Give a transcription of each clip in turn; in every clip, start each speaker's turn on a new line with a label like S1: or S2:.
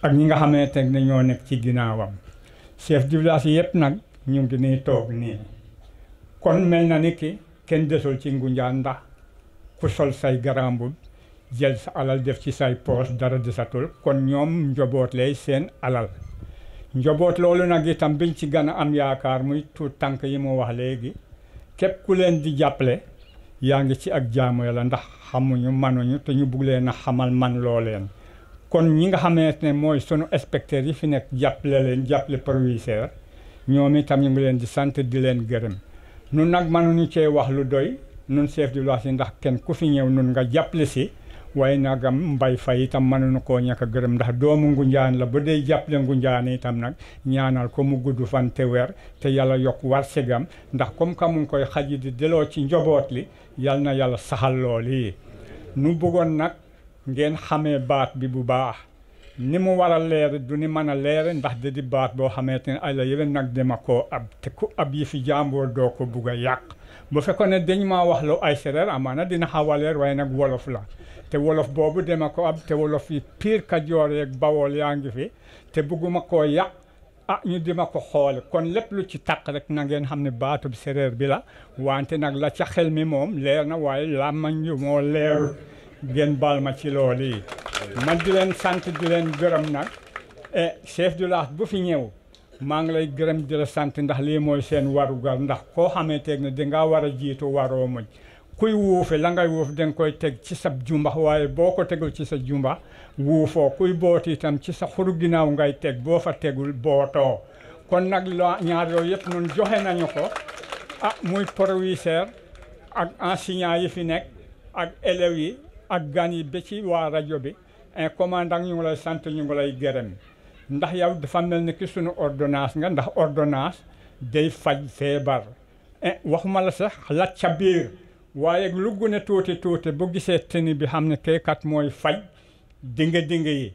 S1: ak ñi nga xamante ne nañoo nekk ci ginnaawam chef du village yëpp nag ñu ngi nii toog nii kon mel na ni ki kenn desul ci Ngunjaan ndax ku sol say garambu jël sa alal def ci say poos dara desatul kon ñoom njoboot lay seen alal njoboot loolu nag itam biñ ci gën a am yaakaar muy tuut tànk yi mu wax léegi képp ku leen di jàppale yaa ngi ci ak jaamu yàlla ndax xamuñu manuñu te ñu bugg leen a xamal man loo leen kon ñi nga xamante ne mooy sunu inspecteurs yi fi nekk jàppale leen jàppale proviseur ñoom itam ñu ngi leen di sant di leen gërëm nun nag mënuñu cee wax lu doy nun chef di village yi ndax kenn ku fi ñëw nun nga jàppale si waaye nagam mbay fay itam mënuñu koo ñàkk a gërëm ndax doomu Ngunjaan la ba day jàppale Ngunjaan itam nag ñaanal ko mu gudd fan te weer te yàlla yokk war segam ndax comme que mu ngi koy xaji di deloo ci njaboot li yal na yàlla saxal yi ngeen xamee baat bi bu baax ni mu war a leer du ni mën a leer ndax da di baat boo xamante ne ay la yële nag dama koo ab te ku ab yi fi jàmbur doo ko bugg a yàq bu fekkoon ne dañ ma wax lu ay sereer amaana dina xaw a leer waaye nag wolof la te wolof boobu dama ko ab te wolof yi piir Kajoor yeeg Bawol yaa ngi fi te bugguma koo yàq ah ñu dima ko xoole kon lépp lu ci taq rek na ngeen xam ne baatu sereer bi la wante nag la ca xel mi moom leer na waaye làmmañ yu moo leer ngeen baal ma ci loolu yi man di leen sant di leen gërëm nag e chef du village bu fi ñëw maa ngi lay gërëm di la sant ndax lii mooy seen warugar ndax koo xamante ne dangaa war a jiitu waroo muñ kuy wuufe la ngay wuuf danga koy teg ci sa jumbax waaye boo ko tegul ci sa jumbax wuufoo kuy booti itam ci sa xuru ginnaaw ngay teg boo fa tegul bootoo kon nag la ñaar yooyu yëpp nun joxe nañu ko ah muy proviseur ak enseignant yi fi nekk ak élèves yi ak gan yi ba ci waa rajo bi un commandant ñu ngi lay sant ñu lay gërëm ndax yow dafa mel ni ki sunu ordonnance nga ndax ordonnance day faj feebar eh, waxuma la sax la ca biir waaye lu gën tuuti tuuti bu gisee teni bi xam ne kaykat mooy faj dinga dinga yi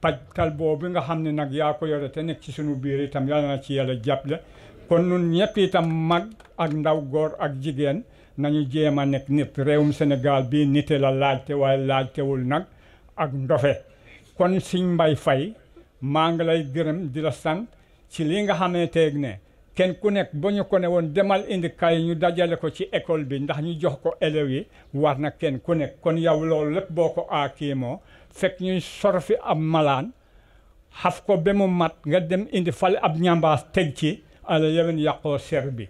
S1: pajkal bi nga xam ne nag yaa ko yore te nekk ci sunu biir itam yàlla na ci yàlla jàpp la kon nun ñëpp itam mag ak ndaw góor ak jigéen nañu jéem a nekk nit réewum Sénégal bii nite la laajte waaye laajtewul nag ak ndofe kon Serigne mbay fay maa ngi lay gërëm di la sant ci li nga xamee teg ne kenn ku nekk ba ñu ko ne woon demal indi kay ñu dajale ko ci école bi ndax ñu jox ko élèves yi war na kenn ku nekk kon yow loolu lépp boo ko aakiimoo fekk ñuy sorfi ab malaan xaf ko ba mu mat nga dem indi fale ab ñambaas teg ci ala yewen yàqoo ser bi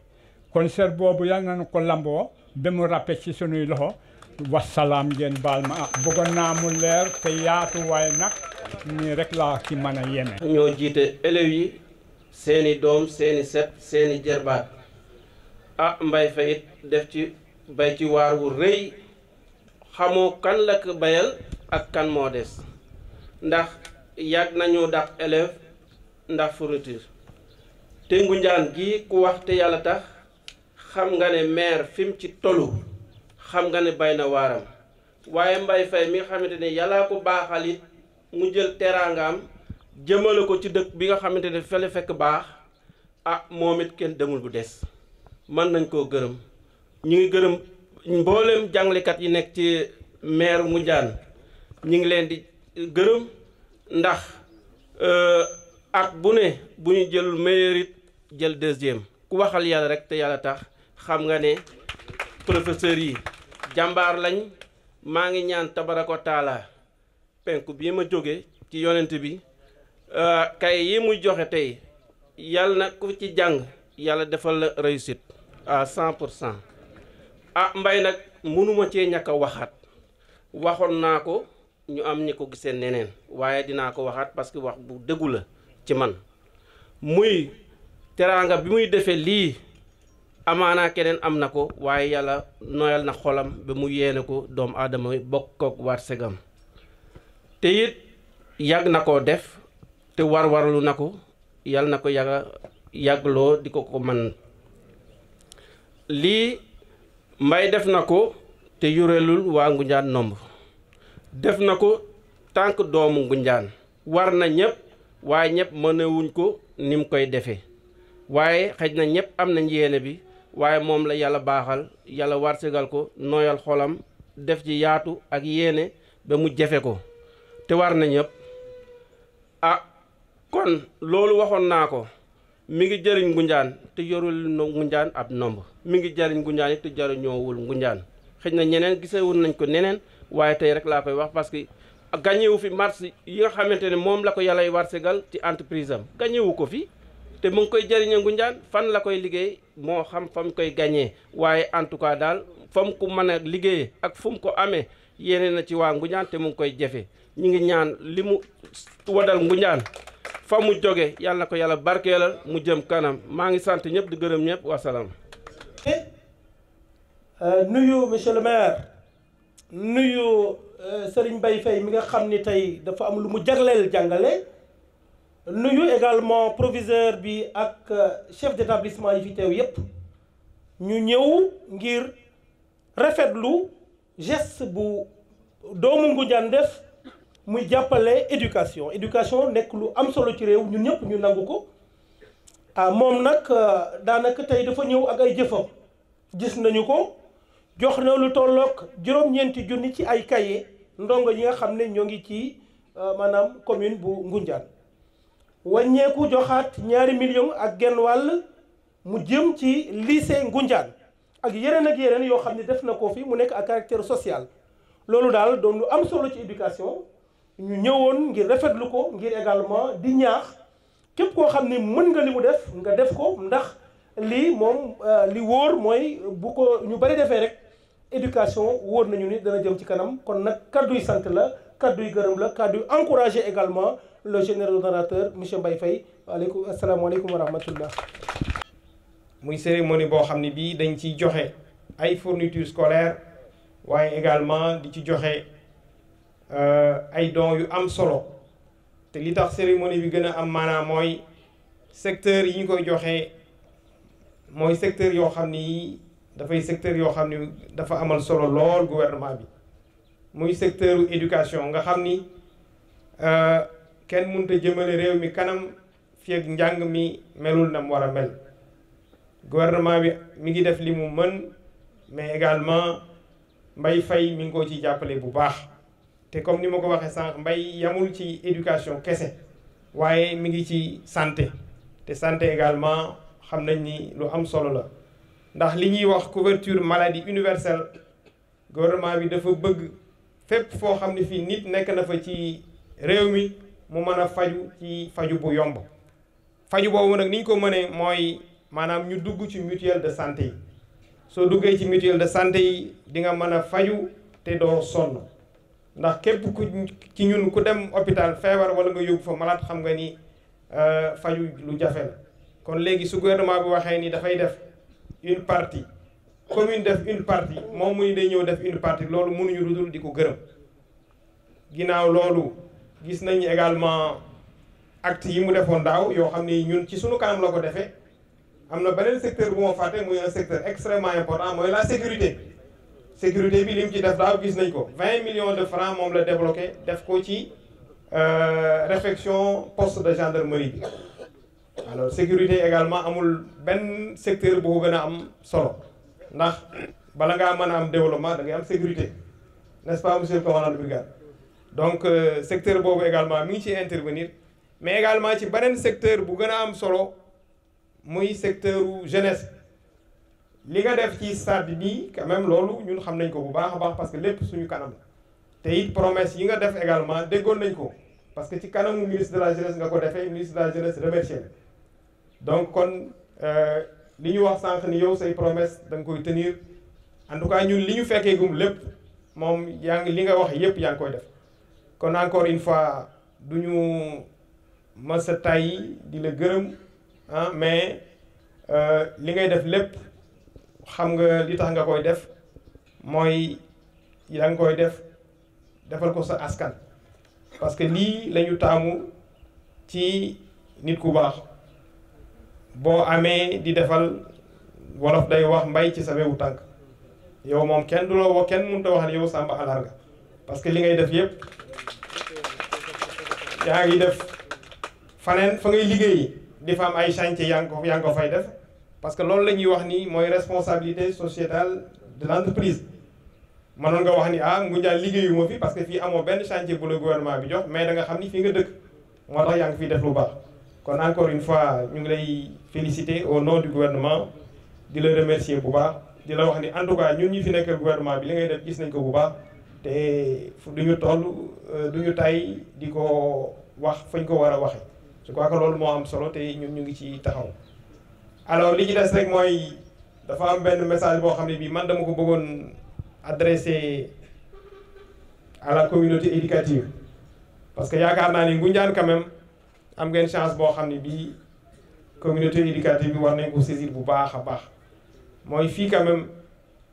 S1: kon ser boobu yal nañu ko lamboo ba mu ràppe ci sunuy loxo wasalaam ngeen baal ma ak bëggoon naa mu leer te yaatu waaye nag nii rek laa ci mën a
S2: ñoo jiite élèves yi seeni doom seeni set seeni jerbaat ah mbay fa it def ci bay ci waar wu rëy xamoo kan la ko bayal ak kan moo des ndax yàgg nañu dàq élève ndax fourniture te ngunjaan gi ku wax te yàlla tax xam nga ne maire fim ci tollu xam nga ne bay na waaram waaye mbay Faye mi nga xamante ne yàlla ko baaxal it mu jël teraangaam jëmale ko ci dëkk bi nga xamante ne fele fekk baax ah moom it kenn demul bu des mën nañ koo gërëm ñu ngi gërëm mboolem jàngalekat yi nekk ci maire jànn ñu ngi leen di gërëm ndax euh, at bu ne bu ñu jël meilleur it jël deuxième ku waxal yàlla rek te yàlla tax xam nga ne professeurs yi jàmbaar lañ maa ngi ñaan tabaraka taala penku bii ma jóge ci yonent bi euh, kay yi muy joxe tey yàlla na ku ci jàng yàlla defal la réussite à cent pour cent ah mbay nag mënuma cee ñàkk a waxaat waxoon naa ko ñu am ñi ko gisee neneen waaye dinaa ko waxaat parce que wax bu dëggu la ci man muy teraanga bi muy defee lii amaanaa keneen am na ko waaye yàlla noyal na xolam ba mu yéene ko doomu aadama bokk bokkook warsegam te it yàgg na koo def te war warlu na ko yàlla na ko yàgga yàggloo di ko ko man lii mbay def na ko te yureelul waa ngunjaan nomb def na ko tànk doomu ngunjaan war na ñëpp waaye ñëpp mënewuñ ko ni mu koy defee waaye xëj na ñëpp am na yéene bi waaye moom la yàlla baaxal yàlla warsegal ko nooyal xolam def ci yaatu ak yéene ba mu jafe ko te war na ñëpp ah kon loolu waxoon naa ko mi ngi jëriñ ngunjaan te yorul ngunjaan ab nomb mi ngi jariñ ngunjaan yi te jëriñoowul ngunjaan xëy na ñeneen gisewul nañ ko neneen waaye tey rek laa koy wax parce que gañewu fi marché yi nga xamante ne moom la ko yàllay warsegal ci entreprise am gañewu ko fi te mu ngi koy jëriñoo Ngoundiane fan la koy liggéey moo xam fa mu koy gañee waaye en tout cas daal fa mu ko mën a liggéey ak fu mu ko amee yéene na ci waa Ngoundiane te mu ngi koy jëfe ñu ngi ñaan li mu wadal Ngoundiane fa mu jóge yàlla ko yàlla barkeelal mu jëm kanam maa ngi sant ñëpp di gërëm ñëpp wasalaam. Eh,
S3: euh, nuyu monsieur le maire nuyu euh, Serigne Mbaye Faye mi nga xam ni tey dafa am lu mu jagleel jàngale. nuyu également proviseur bi ak euh, chef d'établissement yi fi teew yépp ñu ñëw ngir rafetlu geste bu doomu Ngoundiane def muy jàppale éducation éducation nekk lu am solo ci réew ñu ñëpp ñu nangu ko ah moom nag euh, daanaka tey dafa ñëw ak ay jëfam gis nañu ko jox na lu tolloog juróom-ñeenti junni ci ay cahier ndongo ñi nga xam ne ñoo ngi ci euh, maanaam commune bu Ngoundiane wàññeeku joxaat ñaari million ak genn wàll mu jëm ci lycée Ngunjaan ak yeneen ak yeneen yoo xam ne def na ko fi mu nekk ak caractère social loolu daal doon lu am solo ci éducation ñu ñëwoon ngir rafetlu ko ngir également di ñaax képp koo xam ne mën nga li mu def nga def ko ndax lii moom euh, li wóor mooy bu ko ñu bari defee rek éducation wóor nañu ni dana jëm ci kanam kon nag kadduy sant la kaddu yu gërëm la encouragé également le général donateur monsieur Mbaye Faye waaleykum asalaamaaleykum wa rahmatullah
S4: muy cérémonie boo xam ne bii dañ ciy joxe ay fournitures scolaires waaye également di ci joxe euh, ay dons yu am solo te li tax cérémonie bi gën a am maanaam mooy secteur yi ñu koy joxe mooy secteur yoo xam ni dafay secteur yoo xam ni dafa amal solo lool gouvernement bi muy secteur éducation nga xam ni euh, kenn mënut jëmale réew mi kanam fii ak njàng mi melul na mu war a mel gouvernement bi mi ngi def li mu mën mais également mbay fay mi ngi ko ci jàppale bu baax te comme ni ma ko waxee sànq mbay yamul ci éducation kese waaye mi ngi ci santé te santé egalement xam nañ ni lu am solo la ndax li ñuy wax couverture maladie universelle gouvernement bi dafa bëgg fépp foo xam ne fii nit nekk na fa ci réew mi mu mën a faju ci faju bu yomb faju boobu nag ni ñu ko mënee mooy maanaam ñu dugg ci mutuelle de santé yi soo duggee ci mutuel de santé yi di nga mën a faju te doo sonn ndax képp ku ci ñun ku dem hôpital feebar wala nga yóbbu fa malade xam nga ni euh, faju lu jafe la kon léegi su gouvernement bi waxee nii dafay def une partie commune def une partie moom muy ni ñëw def une partie loolu mënuñu lu dul di ko gërëm ginnaaw loolu gis nañu également acte yi mu defoon daaw yoo xam ni ñun ci suñu kanam la ko defee am na beneen secteur bu moo fàtte muy un secteur extrêmement important mooy la sécurité sécurité bi li ci def daaw gis nañ ko vingt millions de francs moom la débloqué def ko ci euh, réfection post de gendarmerie bi alors sécurité également amul benn secteur bu ko gën a am solo ndax bala ngaa man a am développement da ngay am sécurité nest pas monsieur le commandant de donc euh, secteur boobu également mi ngi ciy intervenir mais également ci beneen secteur bu gën a am solo muy secteur jeunesse li nga def ci stade bi nii même loolu ñun xam nañ ko bu baax a baax parce que lépp suñu kanam te it promesse yi nga def également déggoon nañ ko parce que ci kanamu ministre de la jeunesse nga ko defee ministre de la jeunesse remercié li ñu wax sànq ni yow say promesse danga koy tenir en tout cas ñun li ñu fekkee gum lépp moom yaa li nga wax yépp yaa ngi koy def kon encore une fois du ñu masa tàyyi di la gërëm ah mais euh, li ngay def lépp xam nga li tax nga koy def mooy yaa ngi koy def defal ko sa askan parce que lii lañu taamu ci nit ku baax boo amee di defal wolof day wax mbay ci sa wewu tànk yow moom kenn du la woo kenn mun a wax ne yow Samba Alar nga parce que li ngay def yépp yaa ngi def faneen fa ngay liggéey di fa am ay chantier yaa ngi ko fay def parce que loolu la ñuy wax ni mooy responsabilité sociétale de l'entreprise mënoon nga wax ni ah Ngoundiane liggéeyu ma fi parce que fii amoo benn chantier bu la gouvernement bi jox mais danga nga xam ni fii nga dëkk moo tax yaa ngi fiy def lu baax kon encore une fois ñu ngi lay féliciter au nom du gouvernement di la remercier bu baax di la wax ni en tout cas ñun ñi fi nekkal gouvernement bi li ngay def gis nañ ko bu baax te du ñu toll euh, du ñu tay di ko wax ñu ko war a waxee je crois que loolu moo am solo te ñun ñu ngi ci taxaw alors li ci des rek mooy dafa am benn message boo xam ne bii man dama ko bëggoon adressé à la communauté éducative parce que yaakaar naa ni Ngoundiane quand même am ngeen chance boo xam ne bii communauté éducative bi war nañ ko saisir bu baax a baax mooy fii quand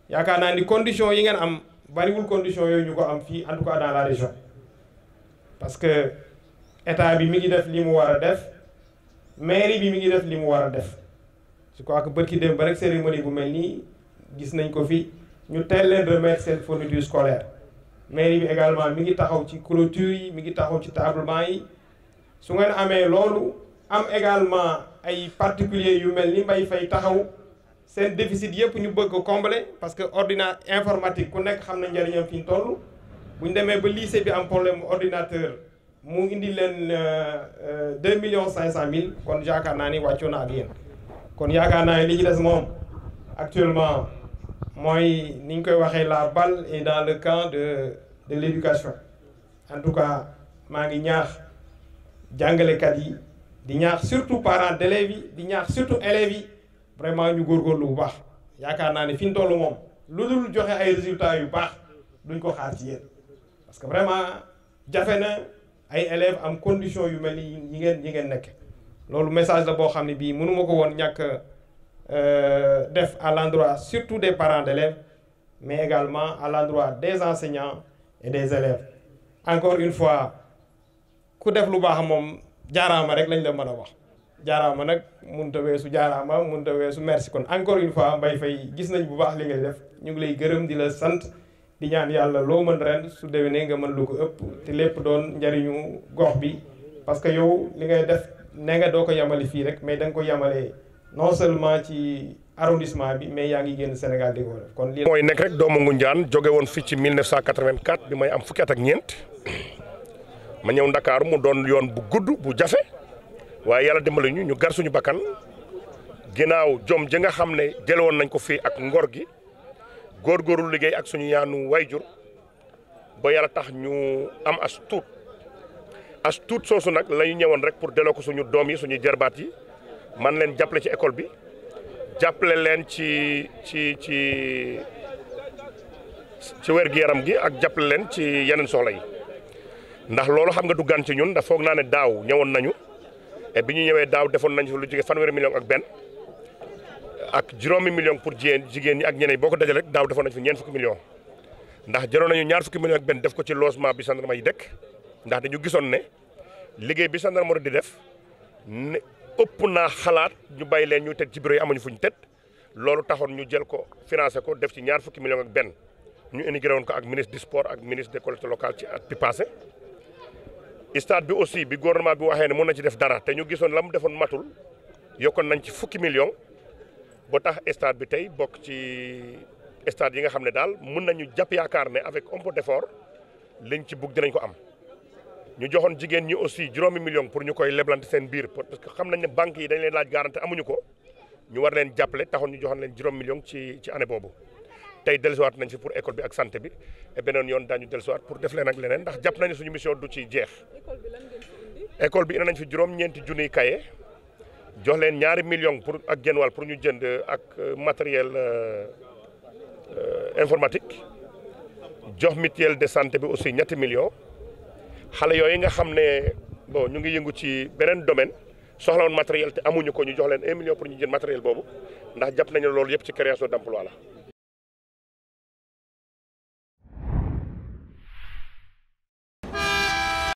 S4: yaakaar naa ni condition yi ngeen am bariwul condition yooyu ñu ko am fii en tout cas dans la région parce que état bi mi ngi def li mu war a def mairie bi mi ngi def li mu war a def je crois que ki dem ba rek cérémonie bu mel nii gis nañ ko fi ñu teel leen remettre seen fourniture scolaire mairie bi également mi ngi taxaw ci clôture yi mi ngi taxaw ci tablement yi su ngeen amee loolu am également ay particuliers yu mel ni Mbaye Faye taxaw seen déficit yëpp ñu bëgg ko parce que ordinate informatique ku nekk xam na njëriñam fi ñu toll bu ñu demee ba lycée bi am problème ordinateur mu indi leen euh, euh, deux millions cinq cent mille kon yaakaar naa ni wàccoo na ak yéen kon yaakaar naa ni li ñu des moom actuellement mooy ni ñu koy waxee la balle est dans le camp de de l'éducation en tout cas maa ngi ñaax jàngalekat yi di ñaax surtout parents d'élèves yi di ñaax surtout élèves yi vraiment ñu góorgóorlu bu baax yaakaar naa ne fi ñu toll moom lu dul joxe ay résultats yu baax duñ ko xaar ci yéen parce que vraiment jafe na ay élèves am condition yu mel ni ñi ngeen ñi ngeen nekk loolu message la boo xam ne bii mënuma ko woon ñàkk euh, def à l'endroit surtout des parents d'élèves mais également à l'endroit des enseignants et des élèves encore une fois ku def lu baax moom jaaraama rek lañ la mën a wax jaaraama nag mënut a weesu jaaraama mun a weesu merci kon encore yu fois mbay fay gis nañ bu baax li ngay def ñu ngi lay gërëm di la sant di ñaan yàlla loo mën ren su déwénee nga mën lu ko ëpp te lépp doon njariñu gox bi parce que yow li ngay def ne nga doo ko yamale fii rek mais da nga ko yamalee non seulement ci arrondissement bi mais yaa ngi génn Sénégal di ko def kon
S5: lii mooy nekk rek doomu Ngoundiane jóge woon fii ci 1984 bi may am fukki ak ñeent ma ñëw ndakaaru mu doon yoon bu gudd bu jafe waaye yàlla dimbali ñu ñu gar suñu bakkan ginnaaw jom ji nga xam ne jëlewoon nañ ko fii ak ngor gi góor góorgóorlu liggéey ak suñu yaanu way jur ba yàlla tax ñu am as tuut as tuut soosu nag la ñu ñëwoon rek pour delloo ko suñu doom yi suñu jarbaat yi man leen jàppale ci ecole bi jàppale leen ci ci ci ci wér yaram gi ak jàppale leen ci yeneen soxla yi ndax loolu xam nga du gan ci ñun ndax foog naa ne daaw ñëwoon nañu et ñu ñëwee daaw defoon nañu lu jógee fanweeri million ak benn ak juróomi million pour jigéen ñi ak ñeneen boo ko dajale daaw defoon nañu fi ñeent fukki million ndax jaroon nañu ñaar fukki million ak benn def ko ci logement bi gendarme yi dek ndax dañu gisoon ne liggéey bi gendarmerie di def ne ëpp naa xalaat ñu bay leen ñu tëj ci bureau yi amuñu fu ñu tëj loolu taxoon ñu jël ko finance ko def ci ñaar fukki million ak benn ñu inauguré woon ko ak ministre du ak ministre des collectivités locales ci at bi passé stade bi aussi bi gouvernement bi waxee ne mën na ci def dara te ñu gisoon la mu defoon matul yokkoon nañ ci fukki million ba tax stade bi tey bokk ci stade yi nga xam ne daal mën nañu jàpp yaakaar ne avec un peu d'effort liñ ci bugg dinañ ko am. ñu joxoon jigéen ñi aussi juróomi million pour ñu koy leblante seen biir parce que xam nañ ne banques yi dañ leen laaj garantie amuñu ko ñu war leen jàppale taxoon ñu joxoon leen juróom million ci ci année boobu. tey dellusiwaat nañ fi pour école bi ak santé bi beneen yoon daañu dellusiwaat pour def leen ak leneen ndax jàpp nañu suñu mission du ci jeex. école bi indi nañ fi juróom-ñeenti junniy kaye jox leen ñaari million pour ak genn wàll pour ñu jënd ak euh, matériel euh, euh, informatique jox mutuelle de santé bi aussi ñetti million xale yooyu nga xam ne boo ñu ngi yëngu ci beneen domaine. soxla woon matériel te amuñu ko ñu jox leen un million pour ñu jël matériel boobu ndax jàpp nañu loolu yëpp ci création d'emploi la